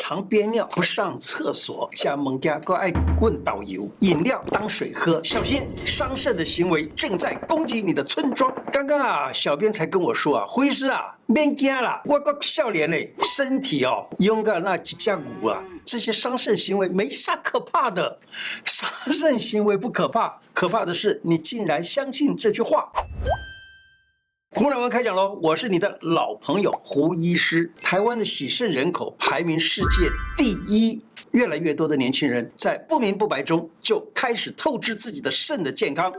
常憋尿不上廁所，像蒙家哥愛問導遊，飲料當水喝，小心傷腎的行為正在攻擊你的村莊。剛剛啊，小編才跟我說啊，灰師啊，免驚啦，我哥少年嘞，身體哦，用個那幾架骨啊，這些傷腎行為沒啥可怕的，傷腎行為不可怕，可怕的是你竟然相信這句話。胡乃文開講嘍！我是你的老朋友胡醫師。台灣的洗腎人口排名世界第一，越來越多的年輕人在不明不白中就開始透支自己的腎的健康。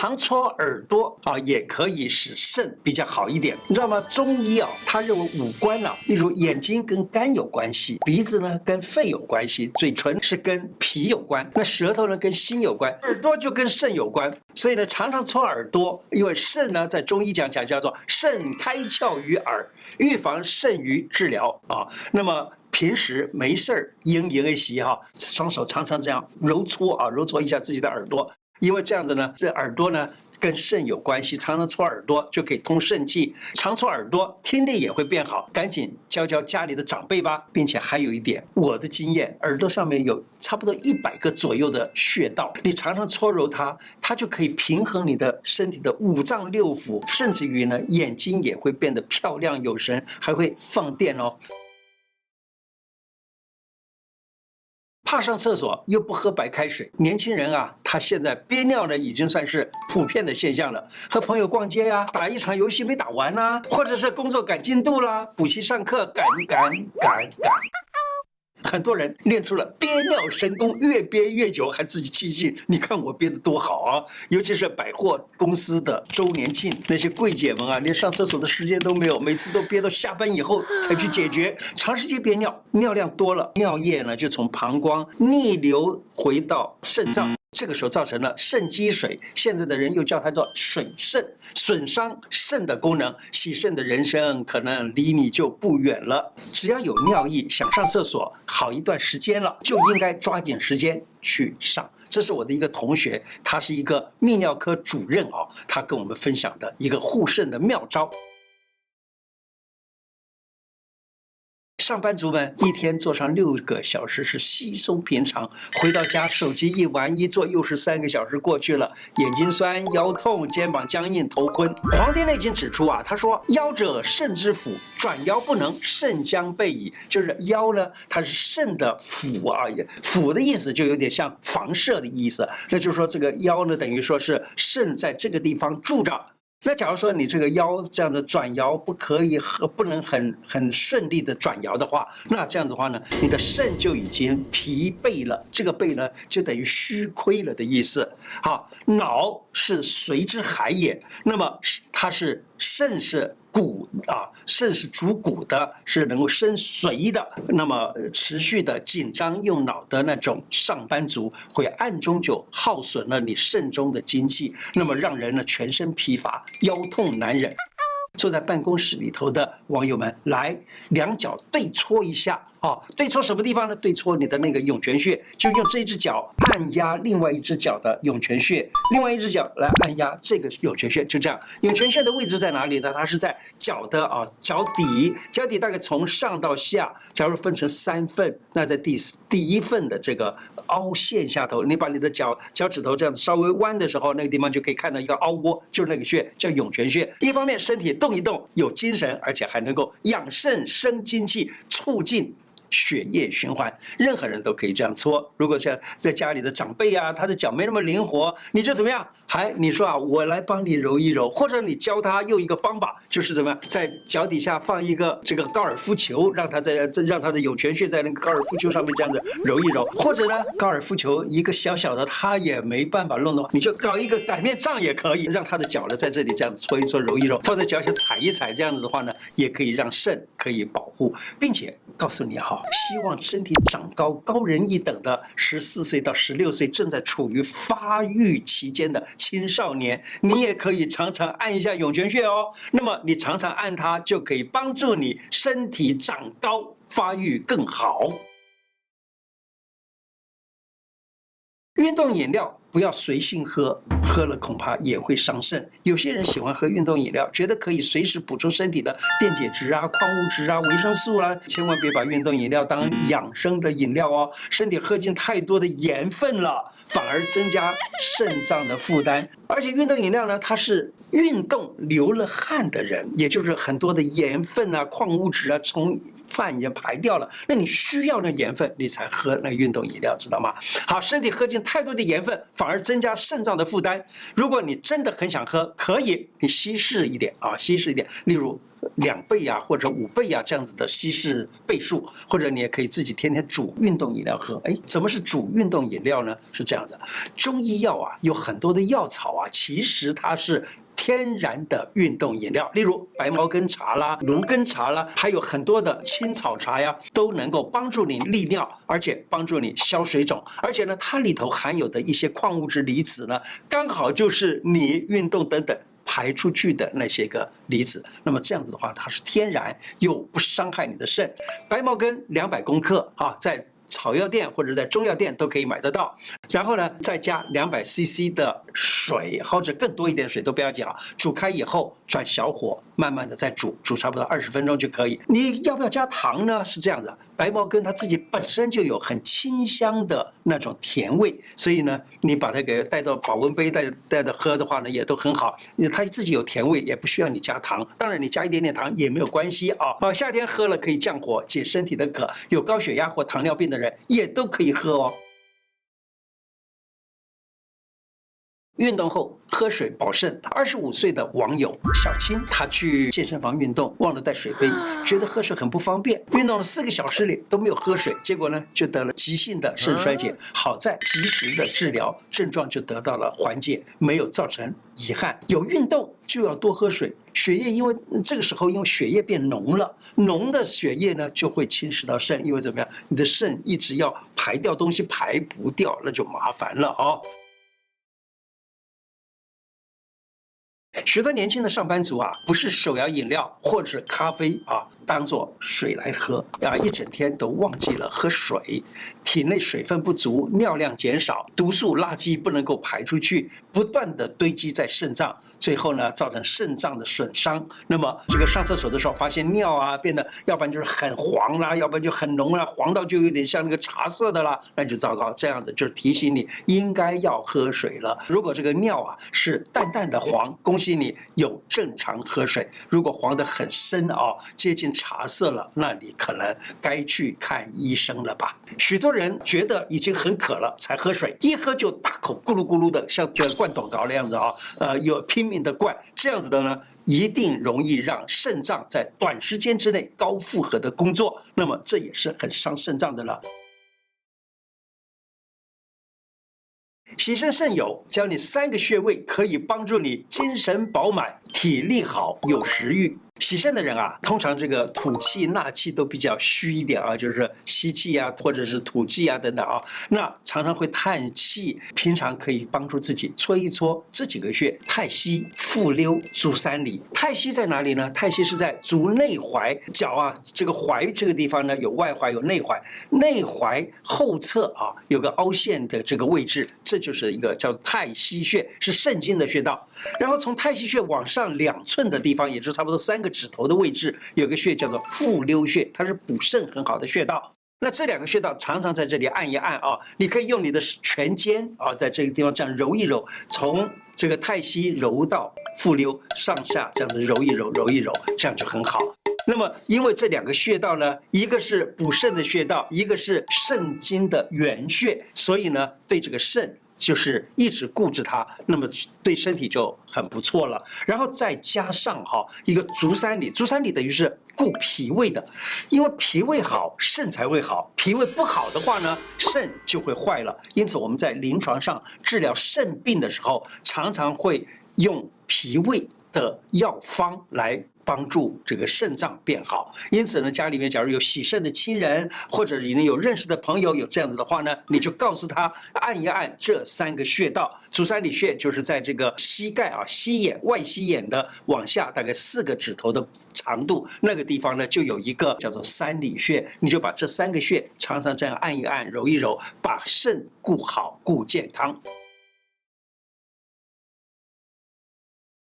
常搓耳朵啊，也可以使腎比較好一點，你知道嗎？中醫啊，他認為五官啊，例如眼睛跟肝有關係，鼻子呢跟肺有關係，嘴唇是跟脾有關，那舌頭呢跟心有關，耳朵就跟腎有關。所以呢，常常搓耳朵，因為腎呢，在中醫講講叫做腎開竅於耳，預防勝於治療啊。那麼平時沒事兒，e 一席哈、啊，雙手常常這樣揉搓啊，揉搓一下自己的耳朵。因為這樣子呢，這耳朵，呢跟腎有關係，常常搓耳朵就可以通腎氣，常搓耳朵聽力也會變好。趕緊教教家裡的長輩吧，並且還有一點我的經驗，耳朵上面有差不多一百個左右的穴道，你常常搓揉它，它就可以平衡你的身體的五臟六腑，甚至於呢眼睛也會變得漂亮有神，還會放電哦。怕上廁所又不喝白開水，年輕人啊，他現在憋尿呢，已經算是普遍的現象了。和朋友逛街呀，啊，打一場遊戲沒打完吶，啊，或者是工作趕進度啦，補習上課趕趕趕趕。趕趕趕很多人練出了憋尿神功，越憋越久，還自己慶幸。你看我憋得多好啊！尤其是百貨公司的周年慶，那些櫃姐們啊，連上廁所的時間都沒有，每次都憋到下班以後才去解決。長時間憋尿，尿量多了，尿液呢就從膀胱逆流回到腎臟。嗯這個時候造成了腎積水，現在的人又叫它做水腎，損傷腎的功能，洗腎的人生可能離你就不遠了。只要有尿意，想上廁所，好一段時間了，就應該抓緊時間去上。這是我的一個同學，他是一個泌尿科主任哦，他跟我們分享的一個護腎的妙招。上班族們一天坐上六個小時是稀鬆平常，回到家手機一玩一坐又是三個小時過去了，眼睛痠、腰痛、肩膀僵硬、頭昏。《黃帝內經》指出啊，他說：“腰者腎之府，轉腰不能，腎將憊矣。”就是腰呢，它是腎的腑而已，腑的意思就有點像房舍的意思，那就是說這個腰呢，等於說是腎在這個地方住着。那假如說你這個腰這樣的轉腰不可以和不能很很順利的轉腰的話，那這樣子話呢，你的腎就已經疲憊了，這個憊呢就等於虛虧了的意思。好，腦是髓之海也，那麼它是腎是骨啊，腎是主骨的，是能夠生髓的。那麼持續的緊張用腦的那種上班族，會暗中就耗損了你腎中的精氣，那麼讓人呢全身疲乏、腰痛難忍。坐在辦公室裡頭的網友們，來兩腳對搓一下。哦，對搓什麼地方呢？對搓你的那個湧泉穴，就用這只腳按壓另外一只腳的湧泉穴，另外一只腳來按壓這個湧泉穴，就這樣。湧泉穴的位置在哪裡呢？它是在腳的啊腳底，腳底大概從上到下，假如分成三份，那在第第一份的這個凹陷下頭，你把你的腳腳趾頭這樣子稍微彎的時候，那個地方就可以看到一個凹窩，就是那個穴，叫湧泉穴。一方面身體動一動有精神，而且還能夠養腎生，生精氣，促進。血液循環，任何人都可以這樣搓。如果像在家裡的長輩啊，他的腳沒那麼靈活，你就怎麼樣？還你說啊，我來幫你揉一揉，或者你教他用一個方法，就是怎麼樣，在腳底下放一個這個高爾夫球，讓他在讓他的湧泉穴在那個高爾夫球上面這樣子揉一揉。或者呢，高爾夫球一個小小的，他也沒辦法弄的話，你就搞一個擀麵杖也可以，讓他的腳呢在這裡這樣搓一搓揉一揉，放在腳下踩一踩，這樣子的話呢，也可以讓腎可以保護，並且告訴你哈。希望身體長高、高人一等的十四歲到十六歲正在處於發育期間的青少年，你也可以常常按一下湧泉穴哦。那麼你常常按它，就可以幫助你身體長高、發育更好。運動飲料不要隨性喝，喝了恐怕也會傷腎。有些人喜歡喝運動飲料，覺得可以隨時補充身體的電解質啊、礦物質啊、維生素啊。千萬別把運動飲料當養生的飲料哦，身體喝進太多的鹽分了，反而增加腎臟的負擔。而且運動飲料呢，它是運動流了汗的人，也就是很多的鹽分啊、礦物質啊從。鹽已經排掉了，那你需要那鹽分，你才喝那運動飲料，知道嗎？好，身體喝進太多的鹽分，反而增加腎臟的負擔。如果你真的很想喝，可以你稀釋一點啊，稀釋一點，例如兩倍呀、啊、或者五倍呀、啊、這樣子的稀釋倍數，或者你也可以自己天天煮運動飲料喝。哎，怎麼是煮運動飲料呢？是這樣的，中醫藥啊有很多的藥草啊，其實它是。天然的運動飲料，例如白茅根茶啦、蘆根茶啦，還有很多的青草茶呀，都能夠幫助你利尿，而且幫助你消水腫。而且呢，它裡頭含有的一些礦物質離子呢，剛好就是你運動等等排出去的那些個離子。那麼這樣子的話，它是天然又不傷害你的腎。白茅根兩百公克啊，在。草藥店或者在中藥店都可以買得到，然後呢，再加兩百 CC 的水，或者更多一點水都不要緊啊。煮開以後轉小火。慢慢的再煮煮差不多二十分鐘就可以。你要不要加糖呢？是這樣的，白茅根它自己本身就有很清香的那種甜味，所以呢，你把它給帶到保溫杯，帶着帶着喝的話呢，也都很好。它自己有甜味，也不需要你加糖。當然你加一點點糖也沒有關係啊。哦，夏天喝了可以降火解身體的渴，有高血壓或糖尿病的人也都可以喝哦。運動後喝水保腎。二十五歲的網友小青，她去健身房運動，忘了帶水杯，覺得喝水很不方便。運動了四個小時裡都沒有喝水，結果呢就得了急性的腎衰竭。好在及時的治療，症狀就得到了緩解，沒有造成遺憾。有運動就要多喝水，血液因為這個時候因為血液變濃了，濃的血液呢就會侵蝕到腎，因為怎麼樣，你的腎一直要排掉東西排不掉，那就麻煩了啊、哦。許多年輕的上班族啊，不是手搖飲料或者是咖啡啊，當做水來喝啊，一整天都忘記了喝水，體內水分不足，尿量減少，毒素垃圾不能夠排出去，不斷地堆積在腎臟，最後呢，造成腎臟的損傷。那麽這個上廁所的時候發現尿啊，變得要不然就是很黃啦、啊，要不然就很濃啦、啊，黃到就有點像那個茶色的啦，那就糟糕，這樣子就是提醒你應該要喝水了。如果這個尿啊是淡淡的黃，恭喜。你有正常喝水，如果黃得很深啊、哦，接近茶色了，那你可能該去看醫生了吧。許多人覺得已經很渴了才喝水，一喝就大口咕嚕咕嚕的，像在灌桶糕那樣子啊、哦，呃，又拼命的灌，這樣子的呢，一定容易讓腎臟在短時間之內高負荷的工作，那麼這也是很傷腎臟的了。洗腎腎友，教你三個穴位，可以幫助你精神飽滿、體力好、有食欲。洗腎的人啊，通常這個吐氣、納氣都比較虛一點啊，就是吸氣呀、啊，或者是吐氣呀、啊、等等啊，那常常會嘆氣。平常可以幫助自己搓一搓這幾個穴：太溪、復溜、足三里。太溪在哪裡呢？太溪是在足內踝腳啊，這個踝這個地方呢，有外踝有內踝，內踝後側啊有個凹陷的這個位置，這就是一個叫太溪穴，是腎經的穴道。然後從太溪穴往上兩寸的地方，也就是差不多三個。指頭的位置有個穴叫做復溜穴，它是補腎很好的穴道。那這兩個穴道常常在這裡按一按啊，你可以用你的拳尖啊，在這個地方這樣揉一揉，從這個太溪揉到復溜，上下這樣子揉一揉、揉一揉，這樣就很好。那麼因為這兩個穴道呢，一個是補腎的穴道，一個是腎經的原穴，所以呢，對這個腎。就是一直顧著它，那麼對身體就很不錯了。然後再加上哈一個足三里，足三里等於是固脾胃的，因為脾胃好，腎才會好。脾胃不好的話呢，腎就會壞了。因此我們在臨床上治療腎病的時候，常常會用脾胃。的藥方來幫助這個腎臟變好，因此呢，家裡面假如有洗腎的親人，或者你有認識的朋友有這樣子的話呢，你就告訴他按一按這三個穴道。足三里穴就是在這個膝蓋啊，膝眼、外膝眼的往下大概四個指頭的長度，那個地方呢，就有一個叫做三里穴，你就把這三個穴常常這樣按一按、揉一揉，把腎顧好、顧健康。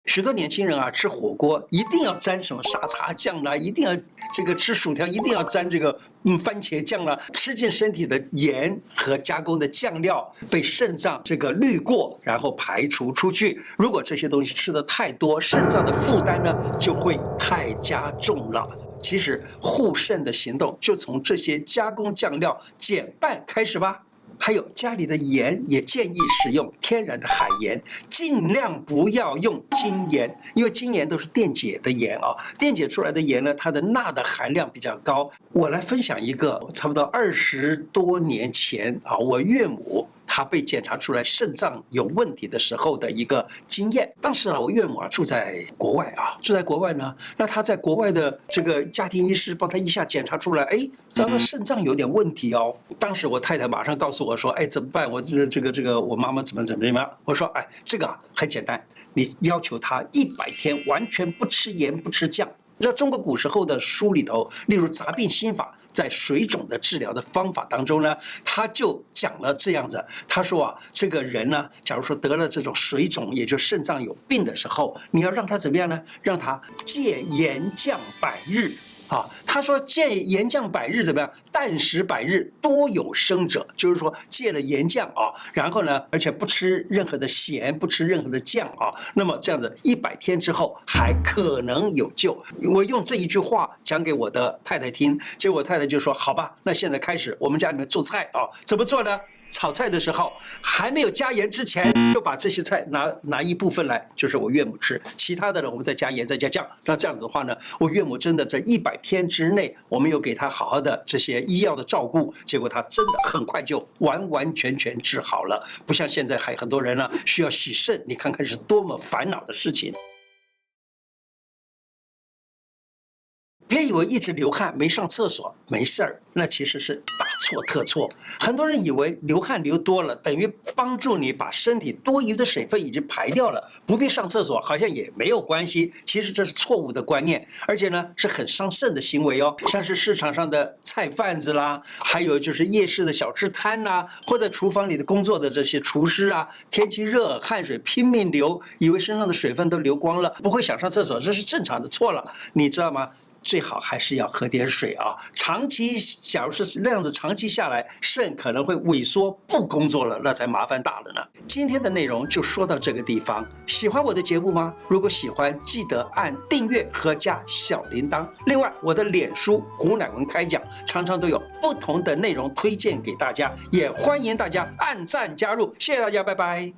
許多年輕人啊，吃火鍋一定要沾什麼沙茶醬啦、啊，一定要這個吃薯條一定要沾這個嗯番茄醬啦、啊，吃進身體的鹽和加工的醬料被腎臟這個濾過，然後排除出去。如果這些東西吃得太多，腎臟的負擔呢就會太加重了。其實護腎的行動就從這些加工醬料減半開始吧。還有家裡的鹽也建議使用天然的海鹽，盡量不要用精鹽，因為精鹽都是電解的鹽啊，電解出來的鹽呢，它的鈉的含量比較高。我來分享一個，差不多二十多年前啊，我岳母。他被檢查出來腎臟有問題的時候的一個經驗。當時啊，我岳母啊住在國外啊，住在國外呢，那他在國外的這個家庭醫師幫他一下檢查出來，哎，咱們腎臟有點問題哦。當時我太太馬上告訴我說，哎，怎麼辦？我這這個這個我媽媽怎麼怎麼樣？我說，哎，這個很簡單，你要求他一百天完全不吃鹽不吃醬。你知道中國古時候的書裡頭，例如《雜病心法》在水腫的治療的方法當中呢，他就講了這樣子。他說啊，這個人呢，假如說得了這種水腫，也就是腎臟有病的時候，你要讓他怎麼樣呢？讓他戒鹽醬百日。啊，他說戒鹽醬百日怎麼樣？淡食百日多有生者，就是說戒了鹽醬啊，然後呢，而且不吃任何的鹹，不吃任何的醬啊，那麼這樣子一百天之後還可能有救。我用這一句話講給我的太太聽，結果太太就說：“好吧，那現在開始我們家裡面做菜啊，怎麼做呢？炒菜的時候還沒有加鹽之前，就把這些菜拿拿一部分來，就是我岳母吃，其他的呢我們再加鹽再加醬。那這樣子的話呢，我岳母真的這一百。”天之內，我們又給他好好的這些醫藥的照顧，結果他真的很快就完完全全治好了，不像現在還有很多人呢需要洗腎，你看看是多麼煩惱的事情。別以為一直流汗沒上廁所沒事兒，那其實是大錯特錯。很多人以為流汗流多了等於幫助你把身體多餘的水分已經排掉了，不必上廁所，好像也沒有關係。其實這是錯誤的觀念，而且呢是很傷腎的行為哦。像是市場上的菜販子啦，還有就是夜市的小吃攤吶、啊，或者廚房裡的工作的這些廚師啊，天氣熱，汗水拼命流，以為身上的水分都流光了，不會想上廁所，這是正常的。錯了，你知道嗎？最好還是要喝點水啊！長期假如是那樣子，長期下來，腎可能會萎縮不工作了，那才麻煩大了呢。今天的內容就說到這個地方。喜歡我的節目嗎？如果喜歡，記得按訂閱和加小鈴鐺。另外，我的臉書胡乃文開講常常都有不同的內容推薦給大家，也歡迎大家按讚加入。謝謝大家，拜拜。